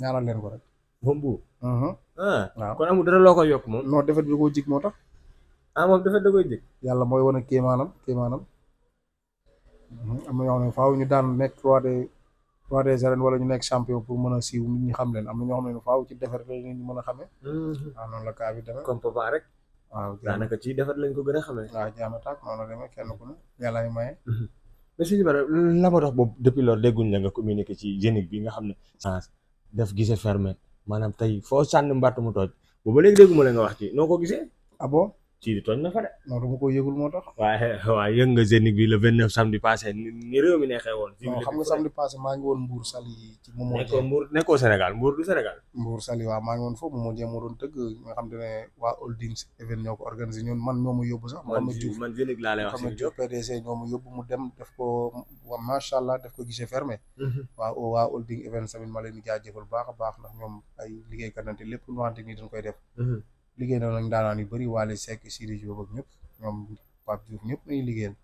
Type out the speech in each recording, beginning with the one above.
ñaanal leen ko rek. moom bu. Uh-huh. Ah, waaw kon amul dara loo koy yokk moom. non defet bi koo moo tax. ah moom da koy jig. yàlla mooy wane kéemaanam kéemaanam. Uh-huh. am na ñoo xam ne faaw ñu daan nekk roi des roi des arènes nekk champion pour a siiw nit xam leen am na ñoo xam ne faaw ci defet la ñu a xamee. waaw mm-hmm. ah, noonu la kaa bi comme papa rek. waaw daanaka ci defet lañ ko gën a xamee. waaw jaam taag noonu la demee kenn ku ne yàlla ay maye. Mm-hmm. mais si ma dox boobu depuis loolu dégguñ la nga communiqué ci génique bi nga xam ne. def gisee fermé maanaam tey foo sànni mbattu mu tooj booba léegi dégguma la nga wax ci noo ko gisee. abo ah Sidi tooñ na fa de. non dama ko yëgul moo tax. waaye waaye yëg nga Zénith bi le vingt neuf samedi passé ni réew mi neexee woon. non xam nga samedi passé maa ngi woon Sali ci Momo Sénégal Mbour Sali waaw maa ngi woon Momo Dieng moo doon tëgg xam te waa Holdings event ñoo ko organisé man ñoo ma sax. man Diouf man Zénith si ma yóbbu mu def ko waa macha allah def mhm. waa Holdings event tamit ma leen di jaajëfal baax a baax ndax ñoom ay liggéeykat nante lépp lu liggéey na lañ daanaan yu bëri Wally Seck Sidy Diop ak ñëpp ñoom Pape Diouf ñëpp ñuy liggéeyal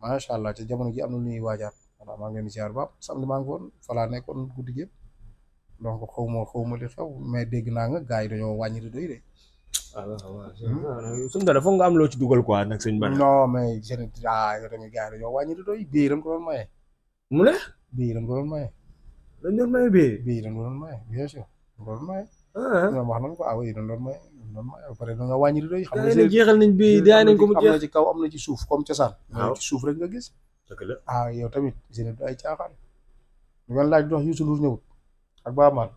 macha allah ca jamono ji am na lu ñuy waajaat voilà maa ngi leen di ziar ba samedi maa ngi woon fa laa nekkoon guddi gépp donc xaw ma xaw ma li xew mais dégg naa nga gars yi dañoo wàññi di doy de. Ah, waaw hmm? ah, suñu dafa nga am loo ci dugal quoi nag sëñ Bada. non mais je ne ah yow tamit gars yi dañoo wàññi di doy bii dañ ko doon maye. mu ne. bii dañ ko doon maye. dañ doon maye bii. bii dañ ko doon maye bien sûr dañ ko doon maye. ñoom ah. wax nañ ko ah a loolu mooy loolu mooy après dañoo wàññi rido yi xam nga jeexal nañ bi daay nañ ko mu jeex am na ci kaw am na ci suuf comme cosaan ah. ci suuf rek nga gis ah yow tamit seen ay caaxaan ñu ngeen laaj dox Youssou Ndour ñëwut ak Baaba Maal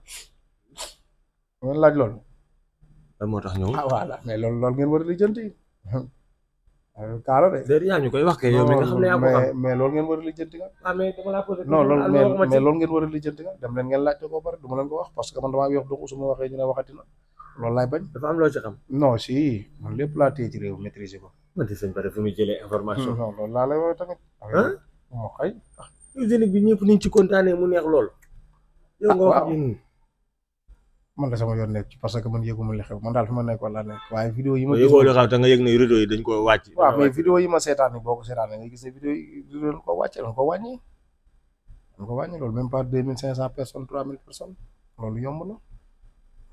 ngeen laaj lool lan moo tax ñëwul ah voilà mais loolu loolu ngeen war a lijjanti kaara de. déedéet yaa ñu mais loolu ngeen war a lijjanti nga. ah mais ngeen war a lijjanti nga dem leen ngeen laajte ko pare du leen ko wax parce que man damaa wax doxu su ma waxee ñu ne waxati na loolu laay bañ. dafa ci xam. si man lépp laa téye ci réew maîtriser ko. man de sëñ Bada tamit. moo xëy. Ah, mu neex lool. yow nga ah, wax man la sama yoon nekk ci parce que man yeguma li xew man dal fuma ma nekk wala nekk waye vidéo yi ma yego li xew ta nga yeg ne rido yi dañ ko wacc waaw mais vidéo yi ma seetaan boko ko nga gis ne vidéo yi do ko wàcc dañ ko wañi dañ ko wañi lol même pas 2500 personnes 3000 personnes loolu yomb na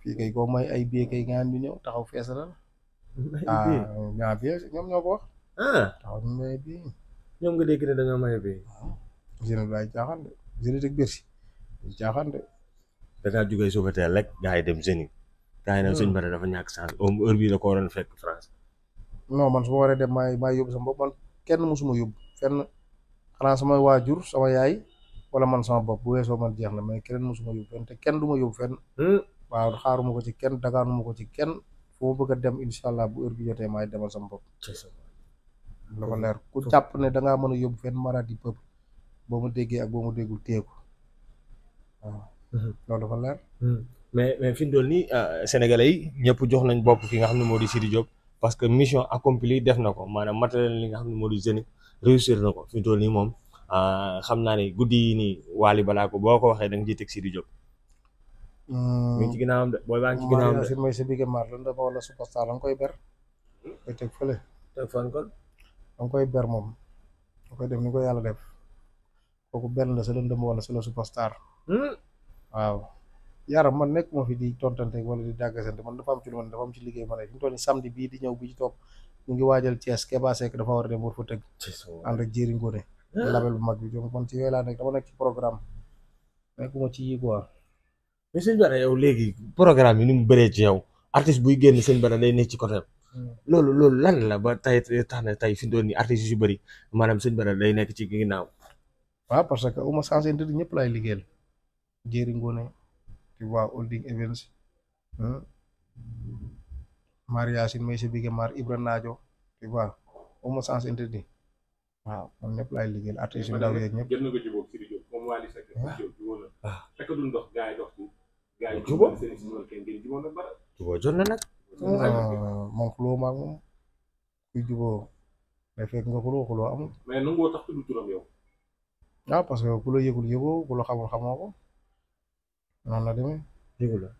fi kay ko may ay bié kay ngaan ñu ñëw taxaw feesalal ah ñaa bié ñom ñoo ko ah taxaw ñu may bié ñom nga dégg ne da nga may bié ah, jëna ay caaxaan jëna tek bërsi Bercy Dakar jógee soo fetee lekk gars dem seen i. gars yi nag dafa ñàkk chance om heure bii da ko waroon fekk France. non man su ma waree dem maay maay yóbbu sama bopp man kenn musuma yóbbu fenn xanaa sama waajur sama yaay wala man sama bopp ya, hmm. bu weesoo man jeex na mais kenn musuma yóbbu fenn te kenn du ma fenn. waaw xaaruma ko ci kenn dagaanuma ko ci kenn fu ma bëgg dem incha bu heure bi jotee maay demal sama bopp. la ko kan leer ku jàpp ne da ngaa mën a fenn maradi peuple boo ma déggee ak boo ma déggul téye loolu dafa leer. mais mais fi mu toll nii Sénégalais yi ñëpp jox nañ bopp ki nga xam ne moo di Sidi Diop parce que mission accomplie def na ko maanaam matériel li nga xam ne moo di réussir na ko fi mu toll nii moom xam naa ne guddi yi nii Waly balaa boo ko waxee da nga ciy Sidi Diop. ci ginnaawam de superstar la nga koy ber. koy teg fële. teg fan kon. da nga koy def ni ko yàlla def kooku benn la sa superstar. waaw yaram man nekk moo fi di tontante wala di dàggasante man dafa am ci lu man dafa am ci liggéey ma ne fi mu toll nii bii di ñëw bi ci topp ñu ngi waajal Thiès Keba Seck dafa war a dem war fa tëgg ànd ak jëriñ ko ne bu mag bi donc ci yooyu laa nekk dama nekk ci programme nekkuma ci yii quoi mais sëñ Bada yow léegi programme yi ni mu bëree ci yow artiste buy génn sëñ Bada day nekk ci côté hmm. loolu loolu lan la ba tey tax na tey fi mu toll nii artiste yu si bëri maanaam sëñ Bada day nekk ci ginnaaw waaw parce que uma sensé ndëd ñëpp laay liggéey Njeri Ngoné Kiba Holding Events Maria Sin may si bige Mar Ibra Naajo Kiba Omo Sans Interdit man ñëpp laay liggéeyal artiste yu ndaw yeeg ñëpp. nag. moom xuloo maag moom kuy jubóo day nga xuloo xuloo amul. mais nangoo tax tudd turam yow. waaw ah, que ku xamoo noonu la demee. déggu la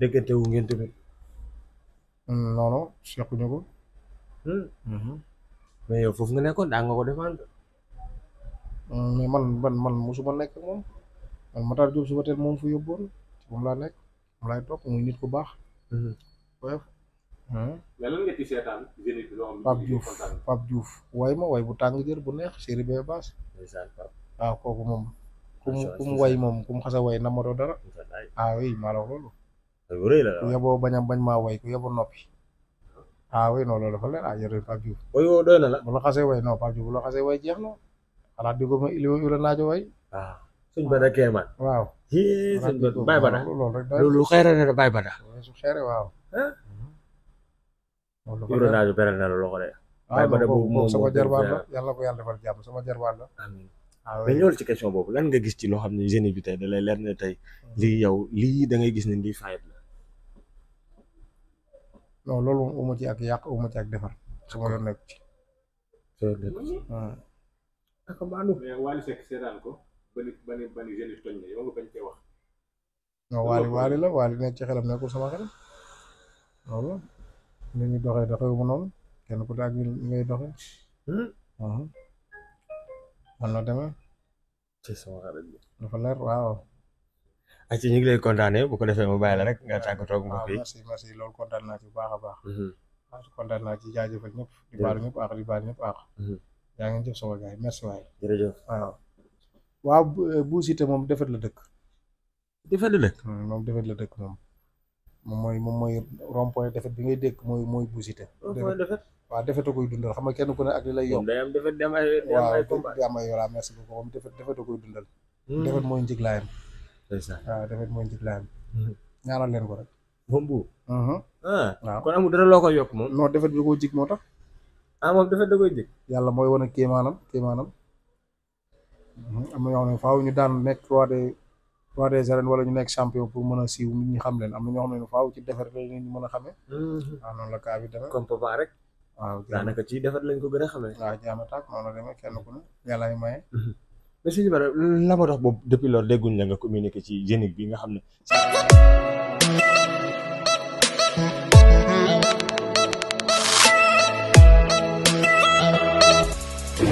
déggante wu ngeen tamit. Mm, noonu sequñu ko. Hmm. Mm-hmm. mais yow foofu nga nekkoon daa nga ko défendre. Mm, mais man man man mosuma nekk moom man Matar Diop suba teel moom fu yóbbuwoon moom laa nekk moom laay topp muy nit ku baax. Hmm. bref. juuf hmm. lan nga way seetaan génit bu tàng jër bu neex série bee baas. waaw kooku moom. kum way mom kum xasa way namatoo dara ah oui maa la loolu la ya bo bañam bañ ma way ya bo nopi ah oui ah, no lolu fa le ay yore Pape Diouf way wo do na la bu la xasee way no Pape Diouf bu la xasee way jeex no ala di ko ma ili woyu la naajo way waaw suñ bada keeman waaw suñ bay bada loolu rek na bay bada su xeere waaw loolu jo beral na la loxo de bay bada boobu mo sama jarbaat la yàlla ko yàlla defal jàmm sama jarbaat la Ah mais ñëwal ci boobu lan nga gis ci loo xam ne jeunes bi tey da lay leer ne tey hmm. li yow lii dangay gis ne lii fayet la. non loolu uma ci ak yàq uma ci ak defar sama yoon nekk ci. Hmm. non waali waali la waali nekk ci xelam nekkul sama xel loolu nit ñi doxee doxee noonu kenn ku ne ngay doxee. Hmm? man la demee. ci sama xarit dafa leer waaw. ak ci ñu ngi lay kontaanee bu ko defee mu bàyyi la rek nga tàggatoo ak mbokk yi. waaw merci merci loolu bu baax baax. waaw mhm. ah, kontaan naa ci jaajëfal ñëpp. di baal ñëpp àq di baal ñëpp àq. Mhm. yaa ngi jëf sama gars yi merci waay. waaw. waaw eh, moom defet la dëkk. defet la dëkk. Hmm, moom la dëkk moom. moom mooy moom mooy defet bi ngay dégg mooy mooy Bou defet waaw defete koy dundal xam nga kenn ku ne ak li lay yokk waaw di am ay wala merci beaucoup moom defet koy dundal hmm. defet mooy njiglaayam waaw defet mooy njiglaayam hmm. ñaanal leen ko rek moom bu uh-huh. ah, waaw kon amul dara loo koy yokk moom defet bi ko jig moo tax ah moom da koy jig yàlla mooy wane kéemaanam kéemaanam uh-huh. am na ñoo xam ne faaw ñu daan nekk roi de roi des arènes wala ñu nekk champion pour mën a siiw nit xam leen am na ñoo ne faaw ci defet la ñu mën a xamee waaw hmm. ah, noonu la kaa bi demee waaw daanaka ci defar lañ ko gën a xamee. waaw jaama tàkk a la demee kenn ku ne yàllaay mhm. loolu dégguñ la nga communiqué ci génique bi nga xam ne.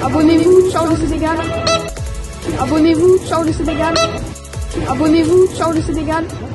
Abonnez-vous, ciao le Sénégal. Abonnez-vous, ciao